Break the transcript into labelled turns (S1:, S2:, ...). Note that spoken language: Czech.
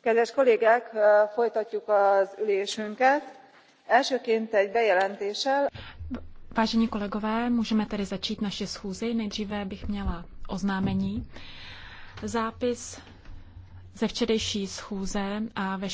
S1: kedves kollégák folytatjuk az ülésünket elsőként egy bejelentéssel.
S2: vážení kolegové můžeme tedy začít naši schůzi nejdříve
S3: bych měla oznámení zápis ze včerejší schůze a veškeré